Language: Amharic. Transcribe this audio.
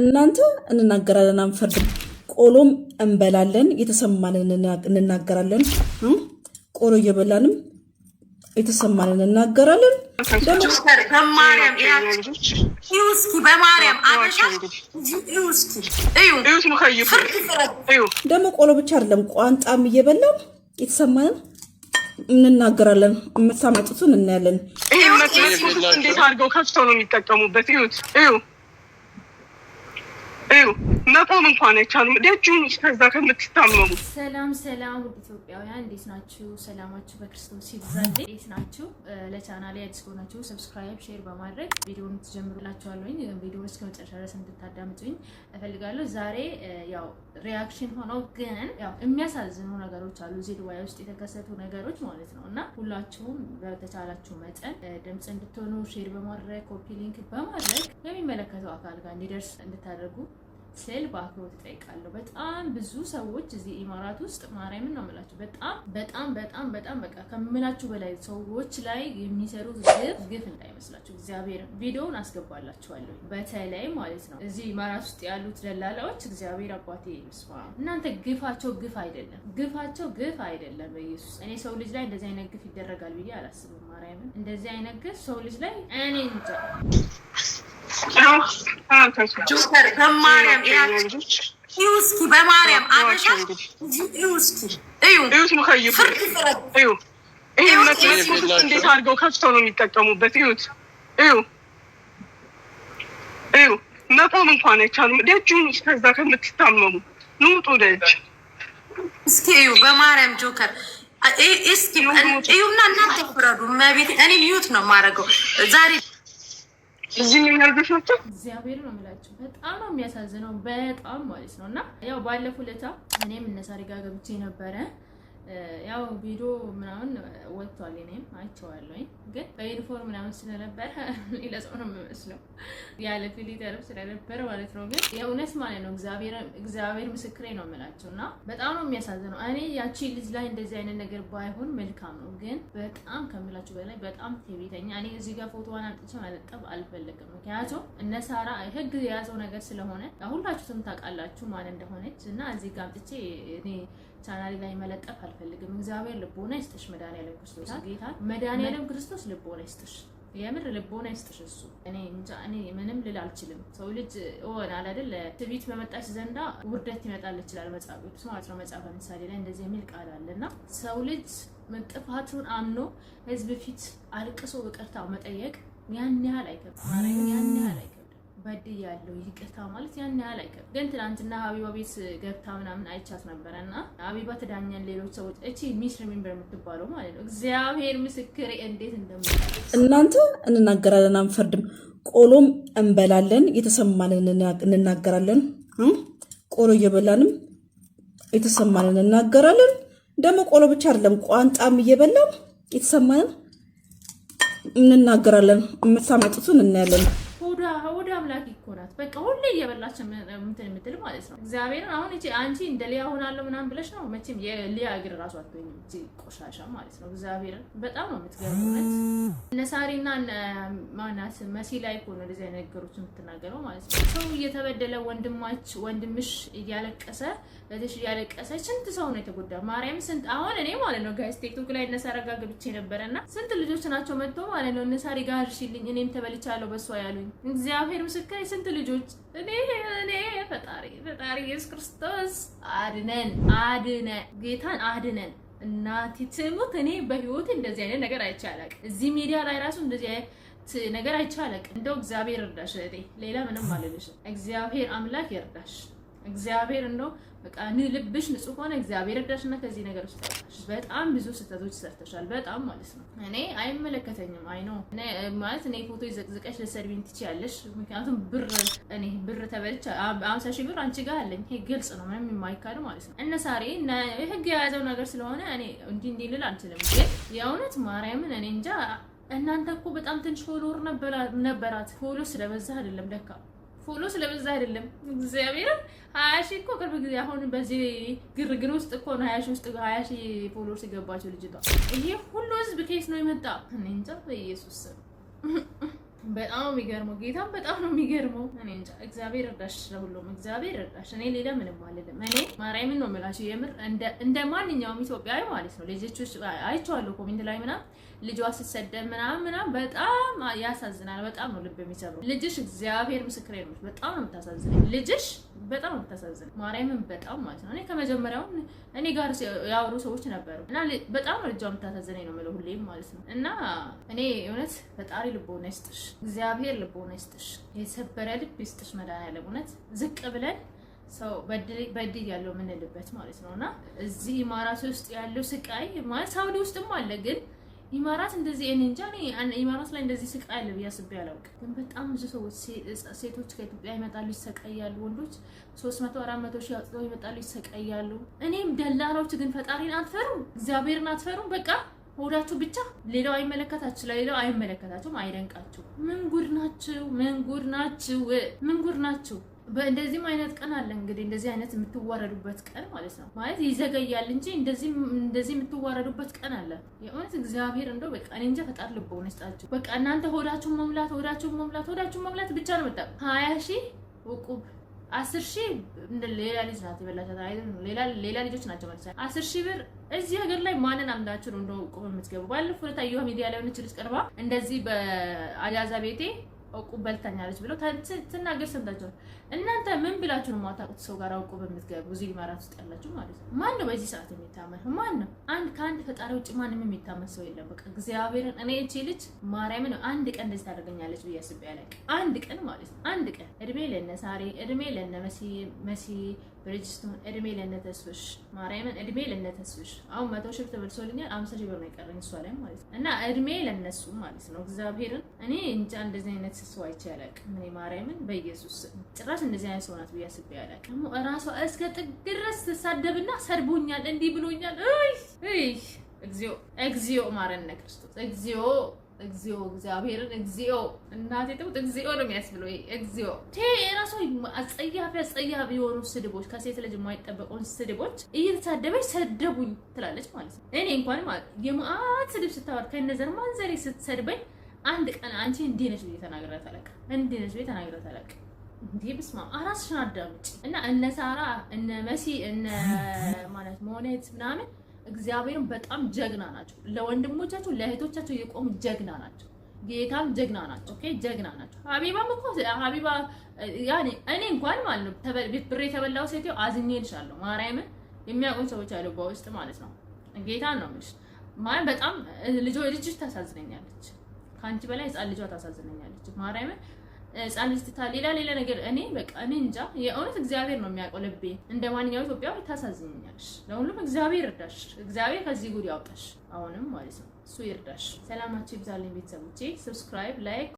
እናንተ እንናገራለን፣ አንፈርድም። ቆሎም እንበላለን፣ የተሰማንን እንናገራለን። ቆሎ እየበላንም የተሰማንን እናገራለን። ደግሞ ቆሎ ብቻ አይደለም፣ ቋንጣም እየበላን የተሰማንን እንናገራለን። የምታመጡትን እናያለን። ይህ እንዴት አድርገው ከፍተው ነው የሚጠቀሙበት? ይሁት ይሁ መቆም እንኳን አይቻልም። ደጁን ከዛ ከምትታመሙ። ሰላም ሰላም፣ ውድ ኢትዮጵያውያን እንዴት ናችሁ? ሰላማችሁ በክርስቶስ ይብዛል። እንዴት ናችሁ? ለቻናል አዲስ ከሆናችሁ ሰብስክራይብ፣ ሼር በማድረግ ቪዲዮውን ትጀምሩላችኋለሁኝ። ቪዲዮ እስከ መጨረሻ ድረስ እንድታዳምጡኝ እፈልጋለሁ። ዛሬ ያው ሪያክሽን ሆኖ ግን ያው የሚያሳዝኑ ነገሮች አሉ፣ እዚህ ዱባይ ውስጥ የተከሰቱ ነገሮች ማለት ነው። እና ሁላችሁም በተቻላችሁ መጠን ድምፅ እንድትሆኑ ሼር በማድረግ ኮፒ ሊንክ በማድረግ የሚመለከተው አካል ጋር እንዲደርስ እንድታደርጉ ስል በአክብሮት እጠይቃለሁ። በጣም ብዙ ሰዎች እዚህ ኢማራት ውስጥ ማርያምን ነው የምላቸው። በጣም በጣም በጣም በጣም በቃ ከምላችሁ በላይ ሰዎች ላይ የሚሰሩት ግፍ ግፍ እንዳይመስላችሁ እግዚአብሔር ቪዲዮውን አስገባላችኋለሁ። በተለይ ማለት ነው እዚህ ኢማራት ውስጥ ያሉት ደላላዎች እግዚአብሔር አባቴ ይስማ። እናንተ ግፋቸው ግፍ አይደለም፣ ግፋቸው ግፍ አይደለም። በኢየሱስ እኔ ሰው ልጅ ላይ እንደዚህ አይነት ግፍ ይደረጋል ብዬ አላስብም። ማርያምን እንደዚህ አይነት ግፍ ሰው ልጅ ላይ እኔ እንጃ በማርያም እስኪ በማርያም አበሻ እስኪ ይህ መት እንዴት አድርገው ከፍተው ነው የሚጠቀሙበት? እዩት እዩ መቆም እንኳን አይቻልም። ደጁን ከዛ ከምትታመሙ ንውጡ ደጅ እስኪ እዩ በማርያም ጆከር እስኪ እዩና እናንተ ፍረዱ። መቤት እኔ ሚዩት ነው የማደርገው ዛሬ እዚህ የሚያርገሽ እግዚአብሔር ነው የምላቸው። በጣም የሚያሳዝነው፣ በጣም ማለት ነው። እና ያው ባለፈው ለታ እኔም እነ ሳሪ ጋር ገብቼ ነበረ ያው ቪዲዮ ምናምን ወጥቷል። እኔም አይቼዋለሁኝ፣ ግን በዩኒፎርም ምናምን ስለነበረ ሌላ ሰው ነው የሚመስለው ያለ ፊሊተርም ስለነበረ ማለት ነው። ግን የእውነት ማለት ነው እግዚአብሔር ምስክሬ ነው የምላቸው እና በጣም ነው የሚያሳዝነው። እኔ ያቺ ልጅ ላይ እንደዚህ አይነት ነገር ባይሆን መልካም ነው፣ ግን በጣም ከምላችሁ በላይ በጣም ትዕቢተኛ። እኔ እዚህ ጋር ፎቶዋን አምጥቼ መለጠፍ አልፈለግም፣ ምክንያቱም እነ ሳራ ህግ የያዘው ነገር ስለሆነ ሁላችሁም ታውቃላችሁ ማን እንደሆነች እና እዚህ ጋር አምጥቼ እኔ ቻናሊ ላይ መለጠፍ አልፈልግም። እግዚአብሔር ልቦና ይስጥሽ። መድኃኒዓለም ክርስቶስ ጌታ መድኃኒዓለም ክርስቶስ ልቦና ይስጥሽ። የምር ልቦና ይስጥሽ። እሱ እኔ እንጃ እኔ ምንም ልል አልችልም። ሰው ልጅ እሆናል አይደል? ትዕቢት በመጣች ዘንዳ ውርደት ይመጣል ይችላል መጽሐፍ ቅዱስ ማለት ነው። መጽሐፈ ምሳሌ ላይ እንደዚህ የሚል ቃል አለ እና ሰው ልጅ መጥፋቱን አምኖ ህዝብ ፊት አልቅሶ ይቅርታ መጠየቅ ያን ያህል አይከብድም። ያን ያህል አይከብድም። በድ ያለው ይቅርታ ማለት ያን ያህል አይቀር። ግን ትናንትና ሀቢባ ቤት ገብታ ምናምን አይቻት ነበረ እና ሀቢባ ትዳኛን ሌሎች ሰዎች እቺ ሚስ ሪሜምበር የምትባለው ማለት ነው። እግዚአብሔር ምስክር እንዴት እንደም እናንተ እንናገራለን፣ አንፈርድም። ቆሎም እንበላለን፣ የተሰማንን እንናገራለን። ቆሎ እየበላንም የተሰማንን እናገራለን። ደግሞ ቆሎ ብቻ አይደለም፣ ቋንጣም እየበላም የተሰማንን እንናገራለን። የምታመጡትን እናያለን። ወደ አምላክ ኮራት። በቃ ሁሌ እየበላች እንትን የምትል ማለት ነው። እግዚአብሔርን አሁን እ አንቺ እንደ ሊያ ሆናለሁ ምናምን ብለሽ ነው መቼም የሊያ እግር ራሱ አትሆኝም። እቺ ቆሻሻ ማለት ነው። እግዚአብሔርን በጣም ነው የምትገርሙት። እነ ሳሪና ማናት መሲ ላይ እኮ ነው እንደዚህ አይነት ነገሮች የምትናገረው ማለት ነው። ሰው እየተበደለ ወንድማች ወንድምሽ እያለቀሰ በትሽ እያለቀሰ ስንት ሰው ነው የተጎዳ ማርያም ስንት አሁን እኔ ማለት ነው ጋይስ ቲክቶክ ላይ እነ ሳራ ነበረ እና ስንት ልጆች ናቸው መጥቶ ማለት ነው እነ ጋር እርሺልኝ እኔም ተበልቻለሁ በሷ ያሉኝ እግዚአብሔር ምስክር ስንት ልጆች እኔ እኔ ፈጣሪ ፈጣሪ ኢየሱስ ክርስቶስ አድነን አድነ ጌታን አድነን። እናቴ ትሙት እኔ በህይወት እንደዚህ አይነት ነገር አይቼ አላውቅም። እዚህ ሚዲያ ላይ ራሱ እንደዚህ አይነት ነገር አይቼ እንደው እግዚአብሔር ይርዳሽ እህቴ፣ ሌላ ምንም አልልሽም። እግዚአብሔር አምላክ ይርዳሽ። እግዚአብሔር እንደው በቃ ልብሽ ንጹህ ሆነ፣ እግዚአብሔር እርዳሽና ከዚህ ነገር ውስጥ ያወጣሽ። በጣም ብዙ ስህተቶች ሰርተሻል፣ በጣም ማለት ነው። እኔ አይመለከተኝም። አይ ነው ማለት እኔ ፎቶ ይዘቅዝቀሽ ለሰርቪን ትችያለሽ። ምክንያቱም ብር እኔ ብር ተበልቻ አምሳ ሺህ ብር አንቺ ጋር አለኝ። ይሄ ግልጽ ነው፣ ምንም የማይካድ ማለት ነው። እነ ሳሬ ህግ የያዘው ነገር ስለሆነ እኔ እንዲህ እንዲህ ልል አንችልም። ግን የእውነት ማርያምን እኔ እንጃ። እናንተ እኮ በጣም ትንሽ ፎሎወር ነበራት። ፎሎ ስለበዛ አይደለም ደካ ፎሎ ስለበዛ አይደለም። እግዚአብሔር ሀያ ሺህ እኮ ቅርብ ጊዜ አሁን በዚህ ግርግር ውስጥ እኮ ነው ሀያ ሺህ ውስጥ ሀያ ሺህ ፎሎወርስ የገባቸው ልጅቷ። ይሄ ሁሉ ህዝብ ኬስ ነው የመጣ። እኔ እንጃ በኢየሱስ ስም በጣም የሚገርመው ጌታም በጣም ነው የሚገርመው። እኔ እንጃ እግዚአብሔር እርዳሽ፣ ለሁሉም እግዚአብሔር እርዳሽ። እኔ ሌላ ምንም አልልም። እኔ ማርያምን ነው የምላቸው የምር እንደ ማንኛውም ኢትዮጵያዊ ማለት ነው። ልጆች አይቼዋለሁ ኮሜንት ላይ ምናምን ልጇ ስትሰደብ ምናምን ምናምን በጣም ያሳዝናል። በጣም ነው ልብ የሚሰብረው። ልጅሽ እግዚአብሔር ምስክሬ ነው፣ በጣም ነው የምታሳዝነው ልጅሽ በጣም የምታሳዝን ማርያምን በጣም ማለት ነው። እኔ ከመጀመሪያውን እኔ ጋር ያወሩ ሰዎች ነበሩ እና በጣም እርጃ የምታሳዝነኝ ነው የምለው ሁሌም ማለት ነው። እና እኔ እውነት ፈጣሪ ልቦና ይስጥሽ፣ እግዚአብሔር ልቦና ይስጥሽ፣ የሰበረ ልብ ይስጥሽ መድኃኒዓለም እውነት ዝቅ ብለን ሰው በድል ያለው የምንልበት ማለት ነው እና እዚህ ማራሲ ውስጥ ያለው ስቃይ ማለት ሳውዲ ውስጥም አለ ግን ኢማራት እንደዚህ እኔ እንጃ እኔ ኢማራት ላይ እንደዚህ ስቃይ አለ ብዬ አስቤ አላውቅም። ግን በጣም ብዙ ሰዎች ሴቶች ከኢትዮጵያ ይመጣሉ፣ ይሰቃያሉ። ወንዶች 300 400 ሺህ አውጥተው ይመጣሉ፣ ይሰቃያሉ። እኔም ደላሎች ግን ፈጣሪን አትፈሩም፣ እግዚአብሔርን አትፈሩም። በቃ ሆዳችሁ ብቻ ሌላው አይመለከታችሁ፣ ሌላው አይመለከታችሁም፣ አይደንቃችሁ። ምን ጉድ ናችሁ! ምን ጉድ ናችሁ! ምን ጉድ ናችሁ! እንደዚህም አይነት ቀን አለ እንግዲህ እንደዚህ አይነት የምትዋረዱበት ቀን ማለት ነው። ማለት ይዘገያል እንጂ እንደዚህ የምትዋረዱበት ቀን አለ። የእውነት እግዚአብሔር እንደው በቃ እኔ እንጃ ፈጣሪ ልቦና ይስጣችሁ። በቃ እናንተ ሆዳችሁን መሙላት ሆዳችሁን መሙላት ሆዳችሁን መሙላት ብቻ ነው መጣ ሀያ ሺህ ውቁብ አስር ሺህ ሌላ ልጅ ናት የበላቻት ሌላ ልጆች ናቸው መልሳ አስር ሺህ ብር እዚህ ሀገር ላይ ማንን አምዳችሁ ነው እንደው ቁም የምትገቡ? ባለፈው ዕለት አየኋ ሚዲያ ላይ የሆነች ልጅ ቀርባ እንደዚህ በአጃዛ ቤቴ እውቁ በልተኛለች ብለው ትናገር ሰምታችኋል። እናንተ ምን ብላችሁ ነው የማታውቁት ሰው ጋር እውቁ በምትገቡ እዚህ ሊማራት ውስጥ ያላችሁ ማለት ነው። ማን ነው በዚህ ሰዓት የሚታመን? ማን ነው? አንድ ከአንድ ፈጣሪ ውጭ ማንም የሚታመን ሰው የለም። በቃ እግዚአብሔርን እኔ እቺ ልጅ ማርያምን አንድ ቀን እንደዚህ ታደርገኛለች ብዬ አስቤ አላውቅም። አንድ ቀን ማለት ነው። አንድ ቀን እድሜ ለነ ሳሬ እድሜ ለነ መሲ መሲ ብርጅስቶን እድሜ ለነተስፍሽ ማርያምን እድሜ ለነተስፍሽ። አሁን መቶ ሺህ ብር ተመልሶልኛል። አምሳ ሺህ ብር ነው የቀረኝ እሷ ላይ ማለት ነው። እና እድሜ ለነሱ ማለት ነው። እግዚአብሔርን እኔ እንጃ እንደዚህ አይነት ሰው አይቼ አላውቅም። እኔ ማርያምን በኢየሱስ ጭራሽ እንደዚህ አይነት ሰው ናት ብዬ አስቤ አላውቅም። እራሷ እስከ ጥግ ድረስ ትሳደብና ሰድቦኛል፣ እንዲህ ብሎኛል። እይ እይ እግዚኦ እግዚኦ፣ ማረነ ክርስቶስ እግዚኦ እግዚኦ እግዚአብሔርን እግዚኦ እናቴ ትሙት እግዚኦ ነው የሚያስብለው። ይሄ እግዚኦ ቴ የራሱ አጸያፊ አጸያፊ የሆኑ ስድቦች ከሴት ልጅ የማይጠበቀውን ስድቦች እየተሳደበች ሰደቡኝ ትላለች ማለት ነው። እኔ እንኳን የማአት ስድብ ስታወር ከነዘር ማንዘሬ ስትሰድበኝ አንድ ቀን አንቺ እንዲህ ነች ብዬ ተናግሬያት አላውቅም። እንዲህ ነች ብዬ ተናግሬያት አላውቅም። እንዲህ ብስማ አራስሽን አዳምጪ እና እነ ሳራ እነ መሲ እነ ማለት መሆኔት ምናምን እግዚአብሔርን በጣም ጀግና ናቸው። ለወንድሞቻቸው ለእህቶቻቸው የቆሙ ጀግና ናቸው። ጌታም ጀግና ናቸው። ኦኬ ጀግና ናቸው። ሀቢባም እኮ ሀቢባ ያኔ እኔ እንኳን ማለት ነው ብር የተበላው ሴትዮ አዝኜልሻለሁ። ማርያምን የሚያውቁ ሰዎች አሉ በውስጥ ማለት ነው። ጌታ ነው የምልሽ ማርያም በጣም ልጆ ልጅሽ ታሳዝነኛለች። ከአንቺ በላይ ህፃን ልጇ ታሳዝነኛለች ማርያምን ህፃን ልጅ ትታ ሌላ ሌላ ነገር እኔ በቃ እኔ እንጃ። የእውነት እግዚአብሔር ነው የሚያውቀው ልቤ። እንደ ማንኛውም ኢትዮጵያዊ ታሳዝኛለሽ። ለሁሉም እግዚአብሔር ይርዳሽ። እግዚአብሔር ከዚህ ጉድ ያውጣሽ። አሁንም ማለት ነው እሱ ይርዳሽ። ሰላማችሁ ይብዛልኝ ቤተሰቦቼ። ሰብስክራይብ፣ ላይክ